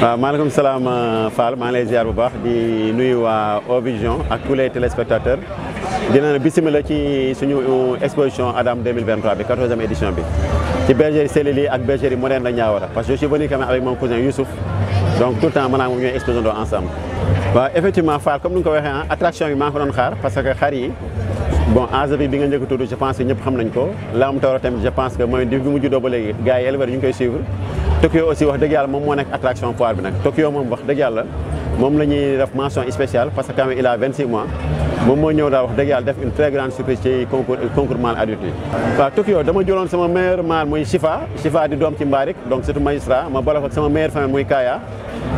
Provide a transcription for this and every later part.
waaw salam, ah, euh, Fall maa ngi ziar bu baax di nuyu waa Ovision ak tous les téléspectateurs di naan bisimila ci suñu euh, exposition Adam 2023 bi 14e édition bi ci bergerie Selili ak bergerie moderne la ñawara parce que je suis venu quand même avec mon cousin Youssouf donc tout le temps manam ñu ñooy do ensemble waaw effectivement Fall comme nous ko waxé hein, attraction bi ma ko doon xaar parce que xar yi bon enjeu bi bi nga njëkk a tudd je pense que ñëpp xam nañ ko Lam Tooro tamit je pense mooy di bi mu ba léegi gars yi éleveurs ñu ngi suivre Tokyo aussi wax dëgg moom moo nekk attraction foire bi nag Tokyo moom wax dëgg yàlla mom lañuy def mention spéciale parce que quand il a 26 mois mom mo ñëw da wax dëgg yàlla def une très grande surprise ci concours concours mâle adulte wa Tokyo dama jëloon sama meilleur mâle moy Chifa Chifa di dom ci mbarik donc c'est un magistrat ma boole ak sama meilleure femme moy Kaya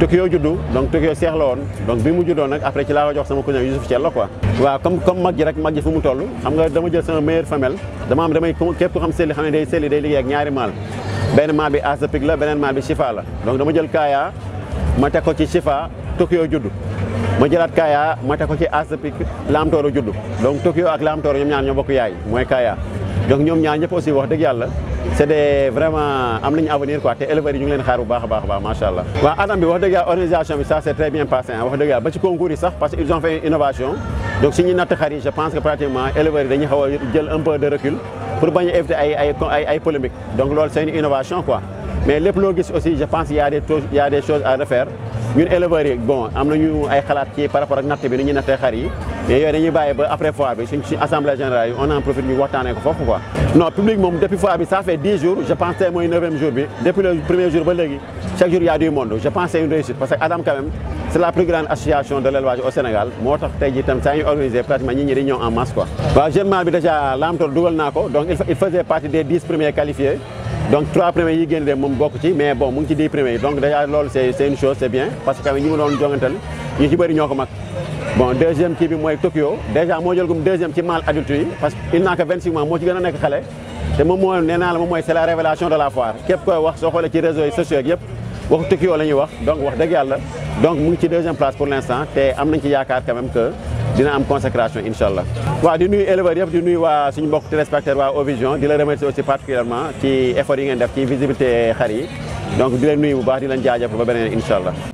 Tokyo juddu donc Tokyo seex la donc bi mu juddoo nak après ci la ko jox sama cousin Youssouf Thiel quoi. wa comme comme mag rek mag ji fu mu toll xam nga dama jël sama meilleur femelle dama am damay képp ko xam selli xam ne day selli day liggéey ak ñaari mal benn mâle bi Asapik la benen mâle bi Chifa la donc dama jël Kaya ma teg ko ci Chifa. Tokyo judd ma jëlaat kaya ma teg ko ci aspic lam toro judu donc Tokyo ak lam toro ñoom ñaan ñoo bokk yaay moy kaya donc ñom ñaar ñëpp aussi wax deug yalla c'est des vraiment am nañu avenir quoi té éleveur ñu ngi leen xaar bu baax a baax a baax macha allah. waaw anam bi wax deug yàlla organisation bi ça c'est très bien passé hein, wax deug yàlla ba ci concours yi sax parce que ils ont fait une innovation donc si ñi natt xari je pense que pratiquement éleveur dañu dañuy jël un peu de recul pour bañ éviter ay ay ay ay polémique donc lool c'est une innovation quoi mais lepp lo gis aussi je pense il y a des il y a des choses à refaire ñun éleveurs yi bon am nañu ay xalaat ci par rapport ak natt bi ni ñu nattee xar yi mais yooyu dañuy bàyyi ba après foire bi suñ suñ assemblée générale yi on en profite ñu waxtaanee ko foofu quoi non public moom depuis foire bi ça fait 10 jours je pense tey mooy neuvième jour bi depuis le premier jour ba léegi chaque jour y a du monde je pense c'est une réussite parce que Adam quand même c'est la plus grande association de l'élevage au Sénégal moo tax tey jii tam saa ñu organisé pratiquement ñi ñi di ñëw en masse quoi waaw jeune bi déjà laamtool dugal naa ko donc il faisait partie des 10 premiers qualifiés donc trois premiers yi génn dem moom bokk ci mais bon mu ngi ci dix premiers donc déjà loolu c'est c'est une chose c'est bien parce que ñi mu doon jongantal ñu ci bëri ñoko mak bon deuxième kii bi mooy Tokyo déjà mo jël gum deuxième ci mal adulte yi parce que il n'a que 26 mois mo ci gëna nek xalé té mom mo moo nee la moom c'est la révélation de la foire képp koy wax so xolé ci réseaux sociaux yépp waxu Tokyo lañuy wax donc wax dëgg Yalla donc mu ngi ci deuxième place pour l'instant té am nañ ci yaakaar quand même que dina am consécration incha waa waaw di nuyu éleveurs yëpp di nuy waa suñu mbokk téléspectateur waa Ovision di la remercier aussi particulièrement ci effort yi ngeen def ci visibilité xar yi donc di leen nuyu bu baax di leen jaajëf ba beneen incha allah